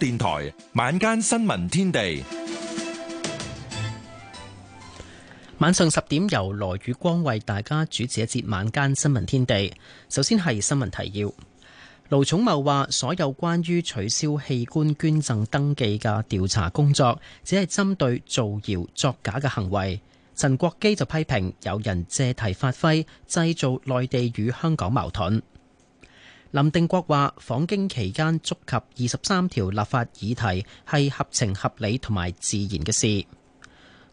電台晚間新聞天地，晚上十點由羅宇光為大家主持一節晚間新聞天地。首先係新聞提要。盧寵茂話：所有關於取消器官捐贈登記嘅調查工作，只係針對造謠作假嘅行為。陳國基就批評有人借題發揮，製造內地與香港矛盾。林定國話：訪京期間觸及二十三條立法議題，係合情合理同埋自然嘅事。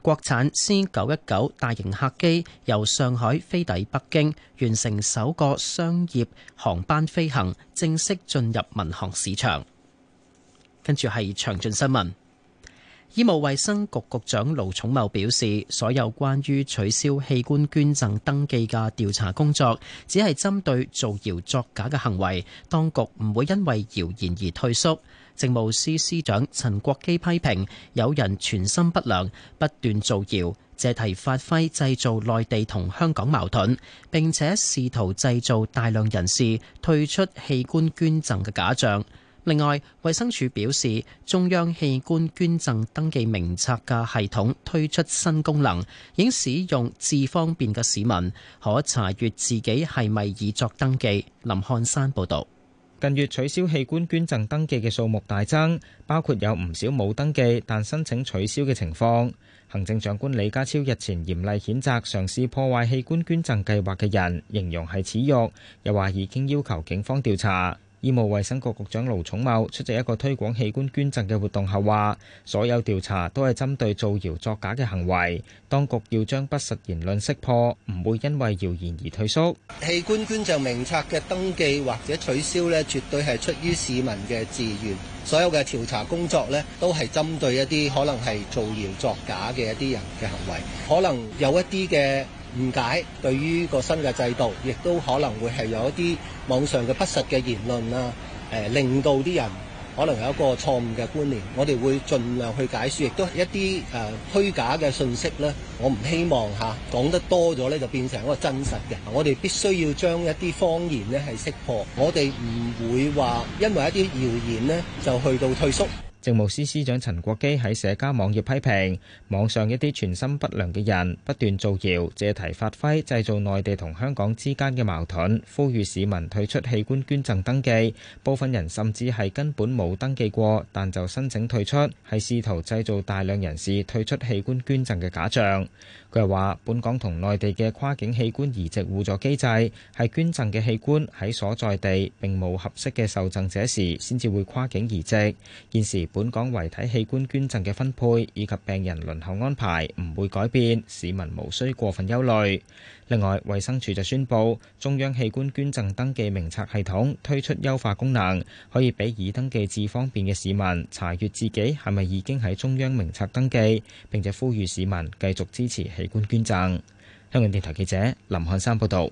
國產 C 九一九大型客機由上海飛抵北京，完成首個商業航班飛行，正式進入民航市場。跟住係詳盡新聞。醫務衛生局局長盧寵茂表示，所有關於取消器官捐贈登記嘅調查工作，只係針對造謠作假嘅行為，當局唔會因為謠言而退縮。政務司司長陳國基批評，有人存心不良，不斷造謠，借題發揮，製造內地同香港矛盾，並且試圖製造大量人士退出器官捐贈嘅假象。另外，衛生署表示，中央器官捐贈登記名冊嘅系統推出新功能，已經使用智方便嘅市民可查閲自己係咪已作登記。林漢山報導。近月取消器官捐贈登記嘅數目大增，包括有唔少冇登記但申請取消嘅情況。行政長官李家超日前嚴厲譴責嘗試破壞器官捐贈計劃嘅人，形容係恥辱，又話已經要求警方調查。醫務衛生局局長盧寵茂出席一個推廣器官捐贈嘅活動後話：所有調查都係針對造謠作假嘅行為，當局要將不實言論識破，唔會因為謠言而退縮。器官捐贈名冊嘅登記或者取消咧，絕對係出於市民嘅自願。所有嘅調查工作咧，都係針對一啲可能係造謠作假嘅一啲人嘅行為，可能有一啲嘅。誤解對於個新嘅制度，亦都可能會係有一啲網上嘅不實嘅言論啊。誒、呃，令到啲人可能有一個錯誤嘅觀念。我哋會盡量去解説，亦都係一啲誒虛假嘅信息咧。我唔希望嚇講、啊、得多咗咧，就變成一個真實嘅。我哋必須要將一啲謊言咧係識破。我哋唔會話因為一啲謠言咧就去到退縮。政務司司長陳國基喺社交網頁批評網上一啲存心不良嘅人不斷造謠、借題發揮、製造內地同香港之間嘅矛盾，呼籲市民退出器官捐贈登記。部分人甚至係根本冇登記過，但就申請退出，係試圖製造大量人士退出器官捐贈嘅假象。佢話：本港同內地嘅跨境器官移植互助機制，係捐贈嘅器官喺所在地並冇合適嘅受贈者時，先至會跨境移植。現時本港遺體器官捐贈嘅分配以及病人輪候安排唔會改變，市民無需過分憂慮。另外，衛生署就宣布中央器官捐贈登記名冊系統推出優化功能，可以俾已登記至方便嘅市民查閱自己係咪已經喺中央名冊登記，並且呼籲市民繼續支持器官捐贈。香港電台記者林漢山報道。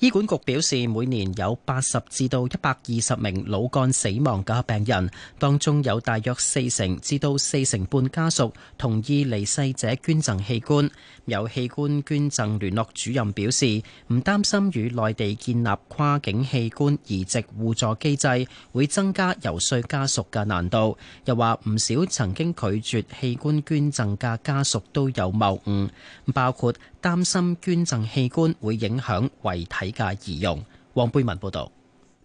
醫管局表示，每年有八十至到一百二十名腦幹死亡嘅病人，當中有大約四成至到四成半家屬同意離世者捐贈器官。有器官捐贈聯絡主任表示，唔擔心與內地建立跨境器官移植互助機制會增加游說家屬嘅難度。又話唔少曾經拒絕器官捐贈嘅家屬都有謬誤，包括，擔心捐贈器官會影響遺體嘅義用。黃貝文報道，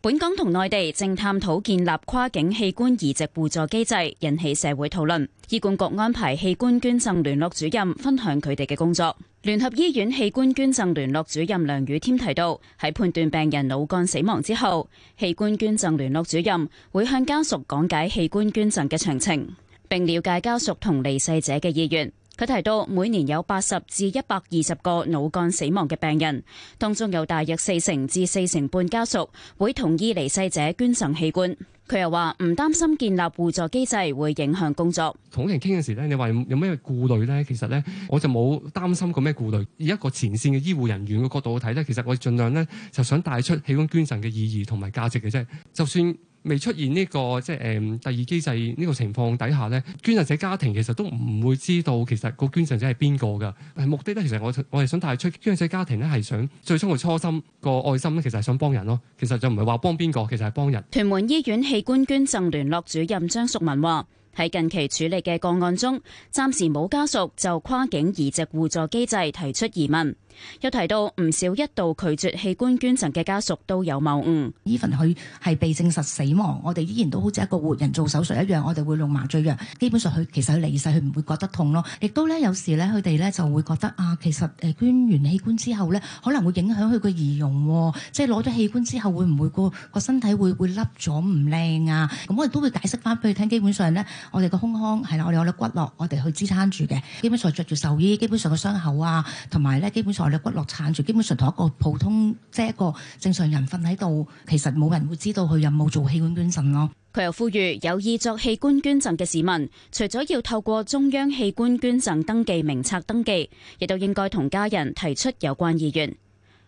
本港同內地正探討建立跨境器官移植互助機制，引起社會討論。醫管局安排器官捐贈聯，聯絡主任分享佢哋嘅工作。聯合醫院器官捐贈聯，聯絡主任梁宇添提到，喺判斷病人腦幹死亡之後，器官捐贈聯絡主任會向家屬講解器官捐贈嘅詳情，並了解家屬同離世者嘅意願。佢提到每年有八十至一百二十個腦幹死亡嘅病人，當中有大約四成至四成半家屬會同意離世者捐贈器官。佢又話唔擔心建立互助機制會影響工作。同人傾嘅時咧，你話有咩顧慮咧？其實咧，我就冇擔心過咩顧慮。以一個前線嘅醫護人員嘅角度去睇咧，其實我盡量咧就想帶出器官捐贈嘅意義同埋價值嘅啫。就算未出現呢個即係誒第二機制，呢個情況底下呢，捐贈者家庭其實都唔會知道其實個捐贈者係邊個㗎。但係目的呢，其實我我哋想帶出捐贈者家庭呢，係想最終嘅初心個愛心呢，其實係想幫人咯。其實就唔係話幫邊個，其實係幫人。屯門醫院器官捐贈聯絡主任張淑文話：喺近期處理嘅個案中，暫時冇家屬就跨境移植互助機制提出疑問。有提到唔少一度拒絕器官捐贈嘅家屬都有謬誤。Even 佢係被證實死亡，我哋依然都好似一個活人做手術一樣，我哋會用麻醉藥，基本上佢其實佢離世佢唔會覺得痛咯。亦都咧有時咧佢哋咧就會覺得啊，其實誒捐完器官之後咧，可能會影響佢個儀容，即係攞咗器官之後會唔會個個身體會會凹咗唔靚啊？咁、嗯、我哋都會解釋翻俾佢聽，基本上咧我哋個胸腔係啦，我哋我哋骨骼我哋去支撐住嘅，基本上着住壽衣，基本上個傷口啊同埋咧基本上。骨骼攤住，基本上同一個普通即係一個正常人瞓喺度，其實冇人會知道佢有冇做器官捐贈咯。佢又呼籲有意作器官捐贈嘅市民，除咗要透過中央器官捐贈登記名冊登記，亦都應該同家人提出有關意願。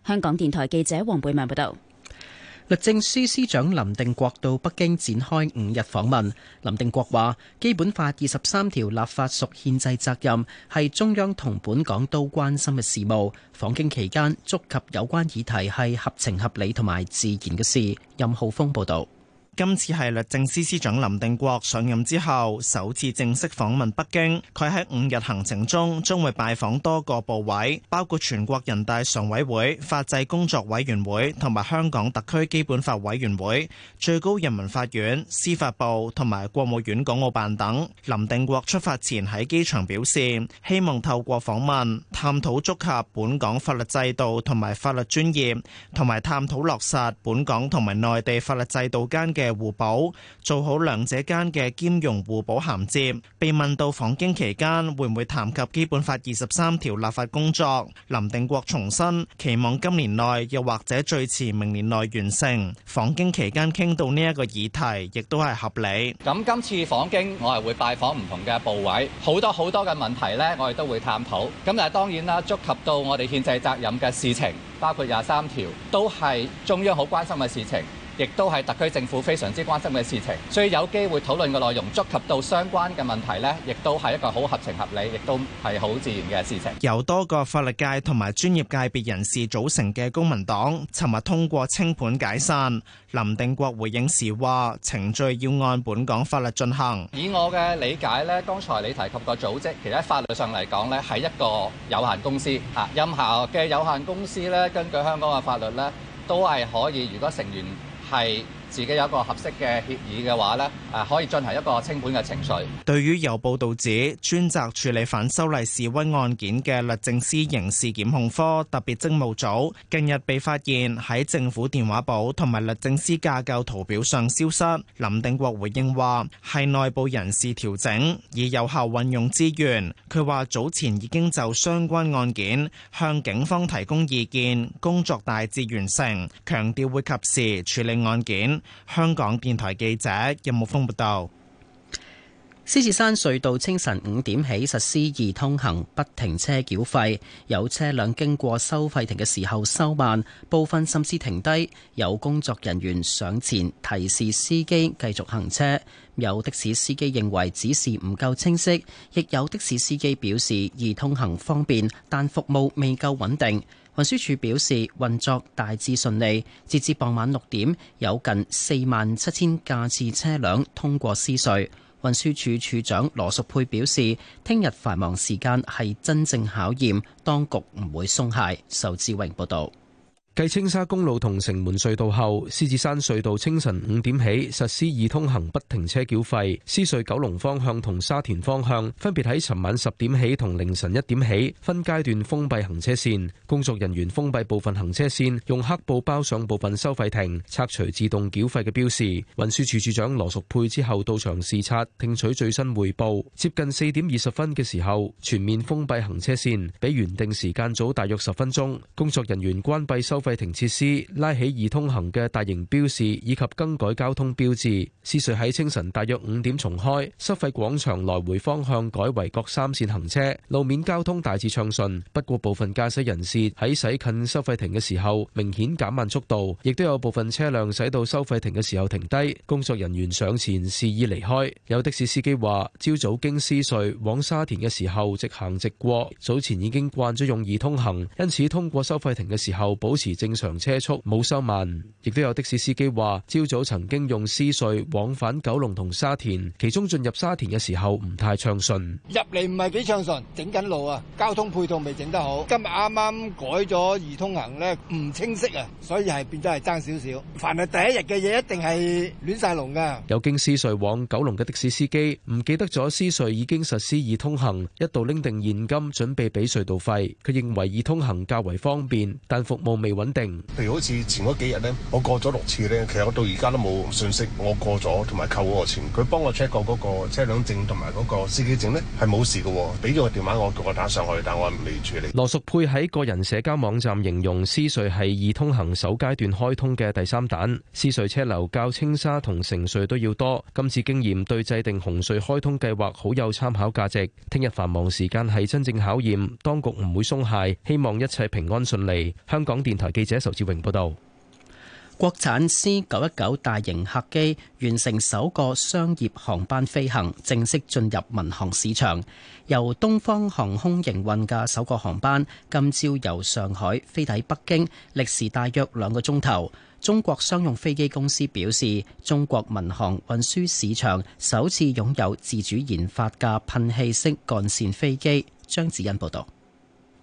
香港電台記者黃貝文報道。律政司司長林定國到北京展開五日訪問。林定國話：基本法二十三條立法屬憲制責任，係中央同本港都關心嘅事務。訪京期間，觸及有關議題係合情合理同埋自然嘅事。任浩峰報道。今次係律政司司長林定國上任之後首次正式訪問北京。佢喺五日行程中將會拜訪多個部委，包括全國人大常委會法制工作委員會同埋香港特區基本法委員會、最高人民法院、司法部同埋國務院港澳辦等。林定國出發前喺機場表示，希望透過訪問探討觸及本港法律制度同埋法律專業，同埋探討落實本港同埋內地法律制度間嘅嘅互補，做好兩者間嘅兼容互補銜接。被問到訪京期間會唔會談及基本法二十三條立法工作，林定國重申期望今年內又或者最遲明年內完成。訪京期間傾到呢一個議題亦都係合理。咁今次訪京我係會拜訪唔同嘅部委，好多好多嘅問題咧，我哋都會探討，咁但係當然啦，觸及到我哋憲制責任嘅事情，包括廿三條都係中央好關心嘅事情。亦都係特區政府非常之關心嘅事情，所以有機會討論嘅內容觸及到相關嘅問題咧，亦都係一個好合情合理，亦都係好自然嘅事情。由多個法律界同埋專業界別人士組成嘅公民黨，尋日通過清盤解散。林定國回應時話：程序要按本港法律進行。以我嘅理解咧，剛才你提及個組織，其實喺法律上嚟講咧，係一個有限公司嚇。任何嘅有限公司咧，根據香港嘅法律咧，都係可以。如果成員係。自己有一個合適嘅協議嘅話咧，誒可以進行一個清盤嘅程序。對於有報道指專責處理反修例示威案件嘅律政司刑事檢控科特別職務組近日被發現喺政府電話簿同埋律政司架構圖表上消失，林定國回應話，係內部人事調整，以有效運用資源。佢話早前已經就相關案件向警方提供意見，工作大致完成，強調會及時處理案件。香港電台記者任木峰報道：獅子山隧道清晨五點起實施易通行，不停車繳費。有車輛經過收費亭嘅時候收慢，部分甚至停低。有工作人員上前提示司機繼續行車。有的士司機認為指示唔夠清晰，亦有的士司機表示易通行方便，但服務未夠穩定。運輸署表示運作大致順利，截至傍晚六點有近四萬七千架次車輛通過私隧。運輸署署長羅淑佩表示，聽日繁忙時間係真正考驗，當局唔會鬆懈。仇志榮報道。繼青沙公路同城門隧道後，獅子山隧道清晨五點起實施易通行不停車繳費。獅隧九龍方向同沙田方向分別喺尋晚十點起同凌晨一點起分階段封閉行車線。工作人員封閉部分行車線，用黑布包上部分收費亭，拆除自動繳費嘅標示。運輸署署長羅淑佩之後到場視察，聽取最新匯報。接近四點二十分嘅時候，全面封閉行車線，比原定時間早大約十分鐘。工作人員關閉收。費亭設施，拉起易通行嘅大型標示，以及更改交通標誌。獅隧喺清晨大約五點重開，收費廣場來回方向改為各三線行車，路面交通大致暢順。不過部分駕駛人士喺駛近收費亭嘅時候明顯減慢速度，亦都有部分車輛駛到收費亭嘅時候停低，工作人員上前示意離開。有的士司機話：朝早經獅隧往沙田嘅時候，直行直過，早前已經慣咗用易通行，因此通過收費亭嘅時候保持。正常車速冇收慢，亦都有的士司機話：朝早曾經用獅隧往返九龍同沙田，其中進入沙田嘅時候唔太暢順。入嚟唔係幾暢順，整緊路啊，交通配套未整得好。今日啱啱改咗易通行呢，唔清晰啊，所以係變咗係爭少少。凡係第一日嘅嘢，一定係亂曬龍㗎。有經獅隧往九龍嘅的士司機唔記得咗獅隧已經實施易通行，一度拎定現金準備俾隧道費。佢認為易通行較為方便，但服務未穩。穩定，譬如好似前嗰幾日咧，我過咗六次咧，其實我到而家都冇信息，我過咗同埋扣嗰個錢，佢幫我 check 過嗰個車輛證同埋嗰個司機證咧，係冇事嘅。俾咗個電話我，叫我打上去，但係我唔理處理。羅淑佩喺個人社交網站形容，獅隧係易通行首階段開通嘅第三彈，獅隧車流較青沙同城隧都要多。今次經驗對制定紅隧開通計劃好有參考價值。聽日繁忙時間係真正考驗，當局唔會鬆懈，希望一切平安順利。香港電台。記者仇志榮報道：國產 C 九一九大型客機完成首個商業航班飛行，正式進入民航市場。由東方航空營運嘅首個航班，今朝由上海飛抵北京，歷時大約兩個鐘頭。中國商用飛機公司表示，中國民航運輸市場首次擁有自主研發嘅噴氣式幹線飛機。張子欣報道。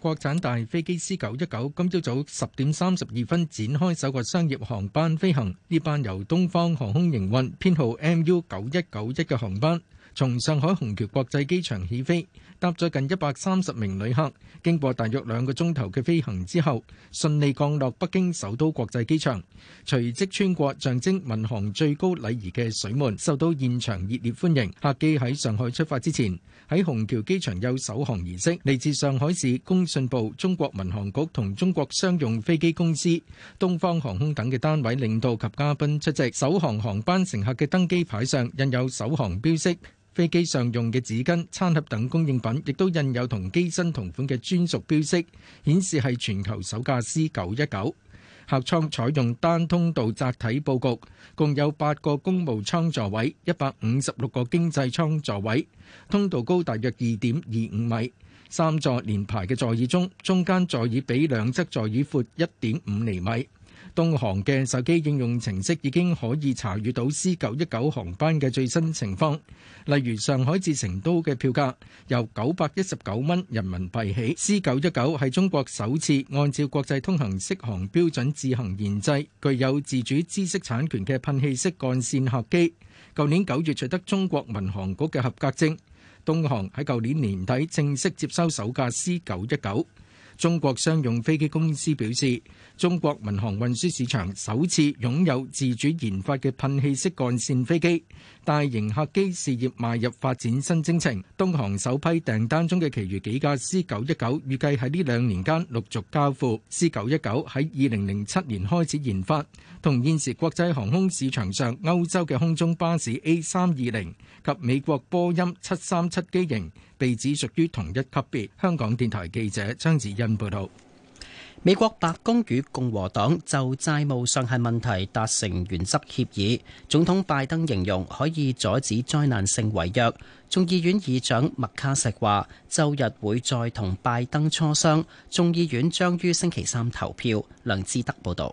國產大飛機 C919 今朝早十點三十二分展開首個商業航班飛行，呢班由東方航空營運，編號 MU9191 嘅航班從上海虹橋國際機場起飛，搭載近一百三十名旅客，經過大約兩個鐘頭嘅飛行之後，順利降落北京首都國際機場，隨即穿過象徵民航最高禮儀嘅水門，受到現場熱烈歡迎。客機喺上海出發之前，喺虹橋機場有首航儀式，嚟自上海市公信部、中國民航局同中國商用飛機公司、東方航空等嘅單位領導及嘉賓出席。首航航班乘客嘅登機牌上印有首航標識，飛機上用嘅紙巾、餐盒等供應品亦都印有同機身同款嘅專屬標識，顯示係全球首架 C919。客艙採用單通道集體佈局，共有八個公務艙座位，一百五十六個經濟艙座位，通道高大約二點二五米。三座連排嘅座椅中，中間座椅比兩側座椅闊一點五厘米。東航嘅手機應用程式已經可以查閱到 C 九一九航班嘅最新情況，例如上海至成都嘅票價由九百一十九蚊人民幣起。C 九一九係中國首次按照國際通行適航標準自行研製、具有自主知識產權嘅噴氣式幹線客機，舊年九月取得中國民航局嘅合格證。東航喺舊年年底正式接收首架 C919，中國商用飛機公司表示，中國民航運輸市場首次擁有自主研發嘅噴氣式幹線飛機。大型客機事業邁入發展新征程，東航首批訂單中嘅其餘幾架 C919，預計喺呢兩年間陸續交付。C919 喺二零零七年開始研發，同現時國際航空市場上歐洲嘅空中巴士 A320 及美國波音七三七機型被指屬於同一級別。香港電台記者張子欣報道。美國白宮與共和黨就債務上限問題達成原則協議。總統拜登形容可以阻止災難性違約。眾議院議長麥卡錫話，周日會再同拜登磋商。眾議院將於星期三投票。梁志德報道。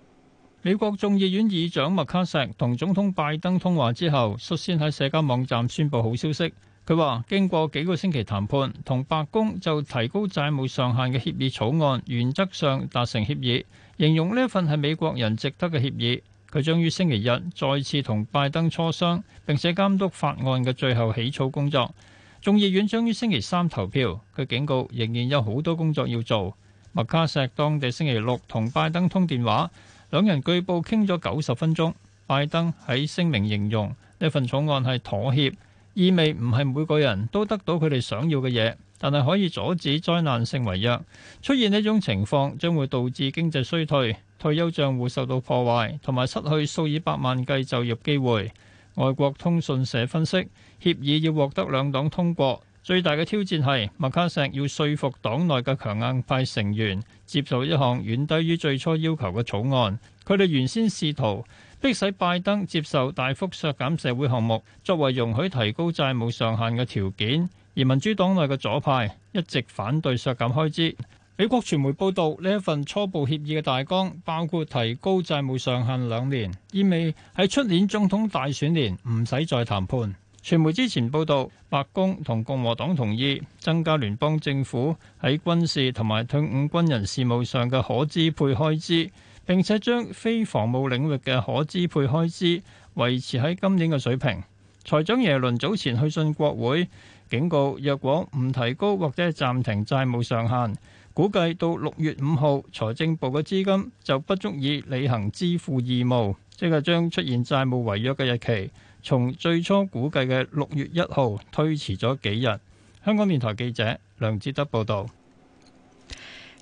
美國眾議院議長麥卡錫同總統拜登通話之後，率先喺社交網站宣布好消息。佢話：經過幾個星期談判，同白宮就提高債務上限嘅協議草案原則上達成協議，形容呢份係美國人值得嘅協議。佢將於星期日再次同拜登磋商，並且監督法案嘅最後起草工作。眾議院將於星期三投票。佢警告仍然有好多工作要做。麥卡錫當地星期六同拜登通電話，兩人據報傾咗九十分鐘。拜登喺聲明形容呢份草案係妥協。意味唔係每個人都得到佢哋想要嘅嘢，但係可以阻止災難性違約。出現呢種情況，將會導致經濟衰退、退休帳戶受到破壞，同埋失去數以百萬計就業機會。外國通訊社分析，協議要獲得兩黨通過。最大嘅挑戰，係麥卡錫要說服黨內嘅強硬派成員接受一項遠低於最初要求嘅草案。佢哋原先試圖迫使拜登接受大幅削減社會項目作為容許提高債務上限嘅條件，而民主黨內嘅左派一直反對削減開支。美國傳媒報道，呢一份初步協議嘅大綱包括提高債務上限兩年，意味喺出年總統大選年唔使再談判。傳媒之前報道，白宮同共和黨同意增加聯邦政府喺軍事同埋退伍軍人事務上嘅可支配開支，並且將非防務領域嘅可支配開支維持喺今年嘅水平。財長耶倫早前去信國會，警告若果唔提高或者係暫停債務上限，估計到六月五號財政部嘅資金就不足以履行支付義務，即係將出現債務違約嘅日期。從最初估計嘅六月一號推遲咗幾日，香港電台記者梁志德報道。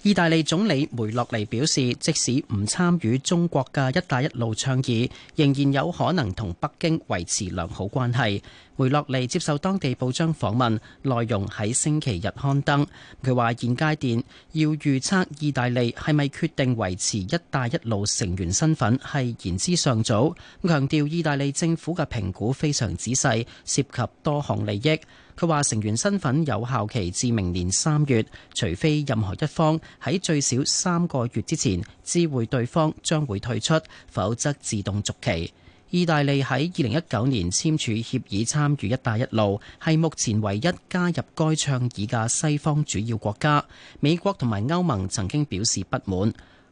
意大利總理梅洛尼表示，即使唔參與中國嘅「一帶一路」倡議，仍然有可能同北京維持良好關係。梅洛尼接受當地報章訪問，內容喺星期日刊登。佢話現階段要預測意大利係咪決定維持「一帶一路」成員身份係言之尚早，強調意大利政府嘅評估非常仔細，涉及多項利益。佢話：成員身份有效期至明年三月，除非任何一方喺最少三個月之前知會對方將會退出，否則自動續期。意大利喺二零一九年簽署協議參與一帶一路，係目前唯一加入該倡議嘅西方主要國家。美國同埋歐盟曾經表示不滿。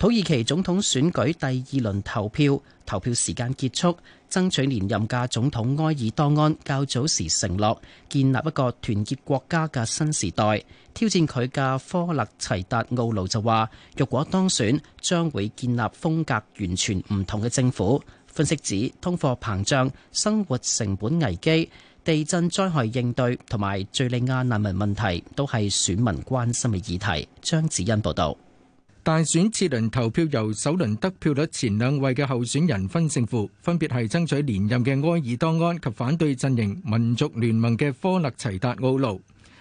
土耳其總統選舉第二輪投票，投票時間結束，爭取連任嘅總統埃爾多安較早時承諾建立一個團結國家嘅新時代。挑戰佢嘅科勒齊達奧盧就話，若果當選，將會建立風格完全唔同嘅政府。分析指，通貨膨脹、生活成本危機、地震災害應對同埋敘利亞難民問題都係選民關心嘅議題。張子欣報導。大選次輪投票由首輪得票率前兩位嘅候選人分勝負，分別係爭取連任嘅埃爾多安及反對陣營民族聯盟嘅科勒齊達奧盧。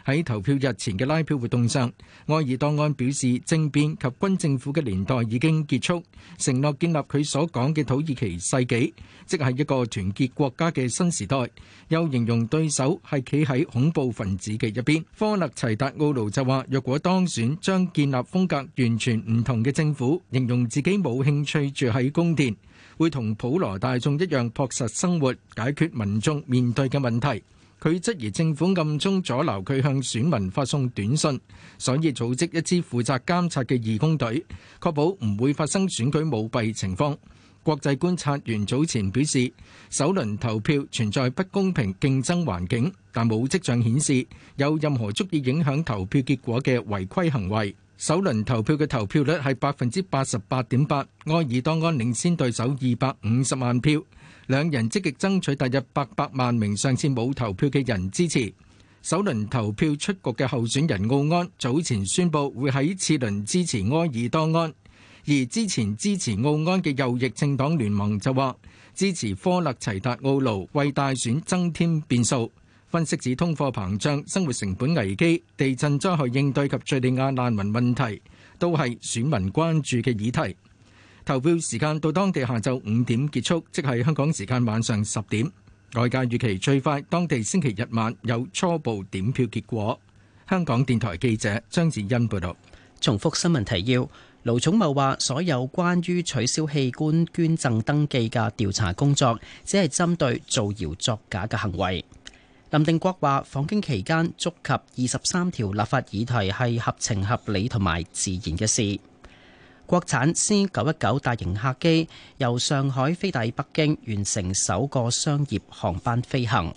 喺投票日前嘅拉票活動上，愛爾多安表示政變及軍政府嘅年代已經結束，承諾建立佢所講嘅土耳其世紀，即係一個團結國家嘅新時代。又形容對手係企喺恐怖分子嘅一邊。科勒齊達奧盧就話：若果當選，將建立風格完全唔同嘅政府，形容自己冇興趣住喺宮殿，會同普羅大眾一樣樸實生活，解決民眾面對嘅問題。佢質疑政府暗中阻撓佢向選民發送短信，所以組織一支負責監察嘅義工隊，確保唔會發生選舉舞弊情況。國際觀察員早前表示，首輪投票存在不公平競爭環境，但冇跡象顯示有任何足以影響投票結果嘅違規行為。首輪投票嘅投票率係百分之八十八點八，愛爾多安領先對手二百五十萬票。兩人積極爭取大約八百萬名上次冇投票嘅人支持。首輪投票出局嘅候選人奧安早前宣布會喺次輪支持埃爾多安，而之前支持奧安嘅右翼政黨聯盟就話支持科勒齊達奧魯，為大選增添變數。分析指通貨膨脹、生活成本危機、地震災害應對及敍利亞難民問題都係選民關注嘅議題。投票時間到當地下晝五點結束，即係香港時間晚上十點。外界預期最快當地星期日晚有初步點票結果。香港電台記者張子欣報道。重複新聞提要：盧寵茂話所有關於取消器官捐贈登記嘅調查工作，只係針對造謠作假嘅行為。林定國話訪京期間觸及二十三條立法議題係合情合理同埋自然嘅事。國產 C 九一九大型客機由上海飛抵北京，完成首個商業航班飛行。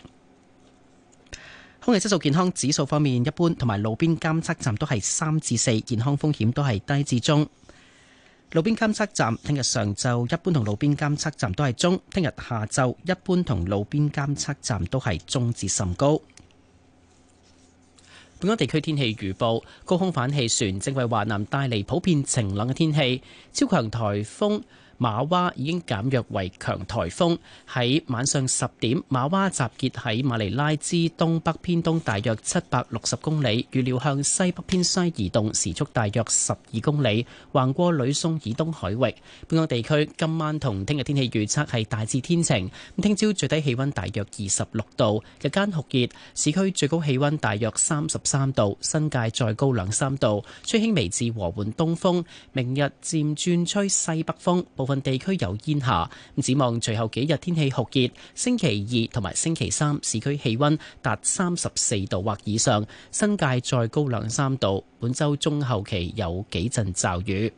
空氣質素健康指數方面，一般同埋路邊監測站都係三至四，健康風險都係低至中。路邊監測站聽日上晝一般同路邊監測站都係中，聽日下晝一般同路邊監測站都係中至甚高。本港地區天氣預報：高空反氣旋正為華南帶嚟普遍晴朗嘅天氣，超強颱風。馬娃已經減弱為強颱風，喺晚上十點，馬娃集結喺馬尼拉之東北偏東大約七百六十公里，預料向西北偏西移動，時速大約十二公里，橫過呂宋以東海域。本港地區今晚同聽日天氣預測係大致天晴，咁聽朝最低氣温大約二十六度，日間酷熱，市區最高氣温大約三十三度，新界再高兩三度，吹輕微至和緩東風，明日漸轉吹西北風，部分。地區有煙霞，咁展望隨後幾日天氣酷熱，星期二同埋星期三市區氣温達三十四度或以上，新界再高兩三度。本周中後期有幾陣驟雨。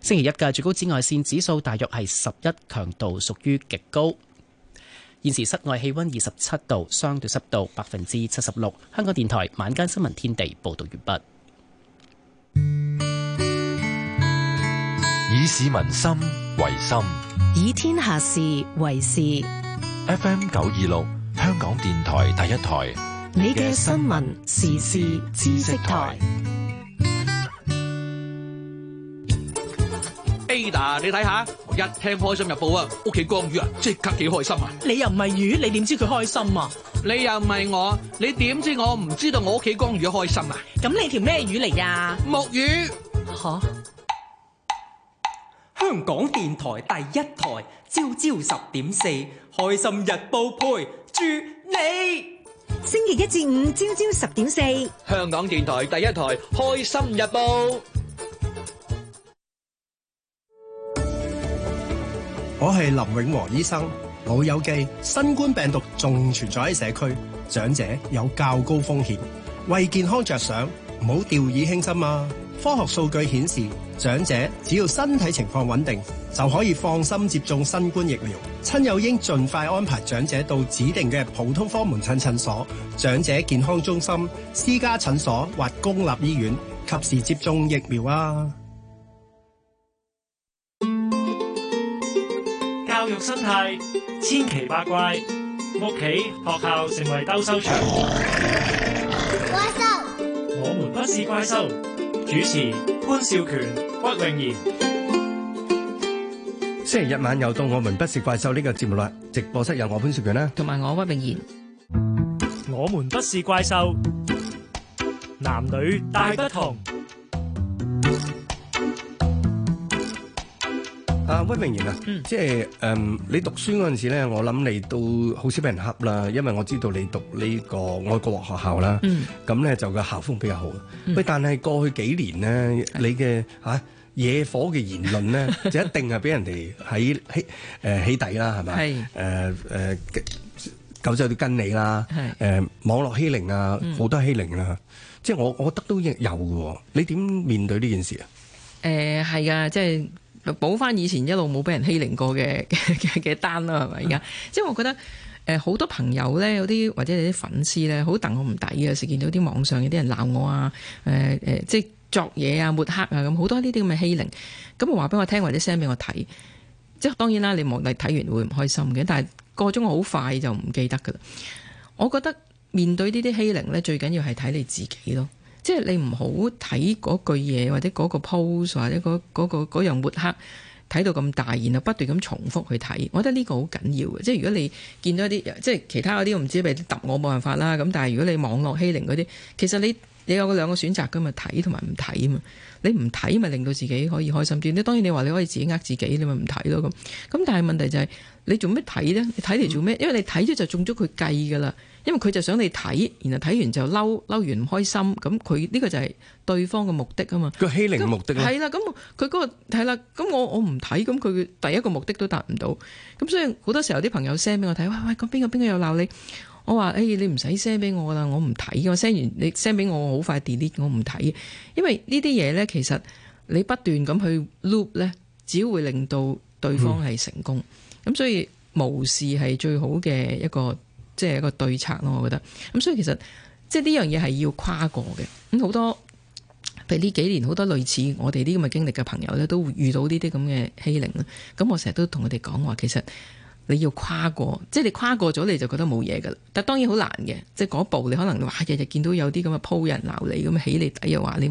星期一嘅最高紫外線指數大約係十一，強度屬於極高。現時室外氣温二十七度，相對濕度百分之七十六。香港電台晚間新聞天地報道完畢。 以市民心為心，以天下事為事。F M 九二六，香港電台第一台。你嘅新聞時事知識台 Ada，你睇下，我一聽開心日報啊，屋企光魚啊，即刻幾開心啊！你又唔係魚，你點知佢開心啊？你又唔係我，你點知我唔知道我屋企光魚開心啊？咁你條咩魚嚟呀？木魚吓。香港電台第一台，朝朝十點四，開心日報陪住你。星期一至五朝朝十點四，香港電台第一台，開心日報。我係林永和醫生，老友記，新冠病毒仲存在喺社區，長者有較高風險，為健康着想，唔好掉以輕心啊！科學數據顯示，長者只要身體情況穩定，就可以放心接種新冠疫苗。親友應盡快安排長者到指定嘅普通科門診診所、長者健康中心、私家診所或公立醫院，及時接種疫苗啊！教育生態千奇百怪，屋企、學校成為鬥獸場。怪獸，我們不是怪獸。主持潘少權、屈穎妍，星期日晚又到我們不是怪獸呢、這個節目啦！直播室有我潘少權啦，同埋我屈穎妍。我們不是怪獸，男女大不同。啊，威明言啊，即係嗯，你讀書嗰陣時咧，我諗你都好少俾人恰啦，因為我知道你讀呢個外國學校啦，咁咧就個校風比較好。不過但係過去幾年咧，你嘅，啊野火嘅言論咧，就一定係俾人哋喺欺誒起底啦，係咪？係誒誒，狗仔都跟你啦，係誒網絡欺凌啊，好多欺凌啦，即係我我覺得都有嘅。你點面對呢件事啊？誒，係噶，即係。補翻以前一路冇俾人欺凌過嘅嘅嘅單咯，係咪？而家即係我覺得誒好、呃、多朋友咧，有啲或者你啲粉絲咧，好戥我唔抵，有時見到啲網上有啲人鬧我啊，誒、呃、誒、呃，即係作嘢啊、抹黑啊咁，好多呢啲咁嘅欺凌，咁啊話俾我聽或者 send 俾我睇，即係當然啦，你望你睇完會唔開心嘅，但係個鐘我好快就唔記得噶啦。我覺得面對呢啲欺凌咧，最緊要係睇你自己咯。即係你唔好睇嗰句嘢或者嗰個 pose 或者嗰個嗰樣抹黑睇到咁大，然後不斷咁重複去睇，我覺得呢個好緊要嘅。即係如果你見到啲即係其他嗰啲，你我唔知係咪揼我冇辦法啦。咁但係如果你網絡欺凌嗰啲，其實你你有兩個選擇噶嘛，睇同埋唔睇嘛。你唔睇咪令到自己可以開心啲。你當然你話你可以自己呃自己，你咪唔睇咯咁。咁但係問題就係你做咩睇呢？你睇嚟做咩？因為你睇咗就中咗佢計噶啦。因為佢就想你睇，然後睇完就嬲，嬲完唔開心，咁佢呢個就係對方嘅目的啊嘛。個欺凌嘅目的咧，係啦，咁佢嗰個係啦，咁我我唔睇，咁佢第一個目的都達唔到。咁所以好多時候啲朋友 send 俾我睇，喂、哎、喂，咁邊個邊個又鬧你？我話誒、哎，你唔使 send 俾我啦，我唔睇。我 send 完你 send 俾我，我好快 delete，我唔睇。因為呢啲嘢呢，其實你不斷咁去 loop 呢，只會令到對方係成功。咁、嗯、所以無視係最好嘅一個。即係一個對策咯，我覺得咁、嗯、所以其實即係呢樣嘢係要跨過嘅，咁、嗯、好多譬如呢幾年好多類似我哋啲咁嘅經歷嘅朋友咧，都會遇到呢啲咁嘅欺凌啦。咁、嗯、我成日都同佢哋講話，其實你要跨過，即係你跨過咗，你就覺得冇嘢㗎啦。但係當然好難嘅，即係嗰步你可能哇，日日見到有啲咁嘅鋪人鬧你，咁起你底又話你。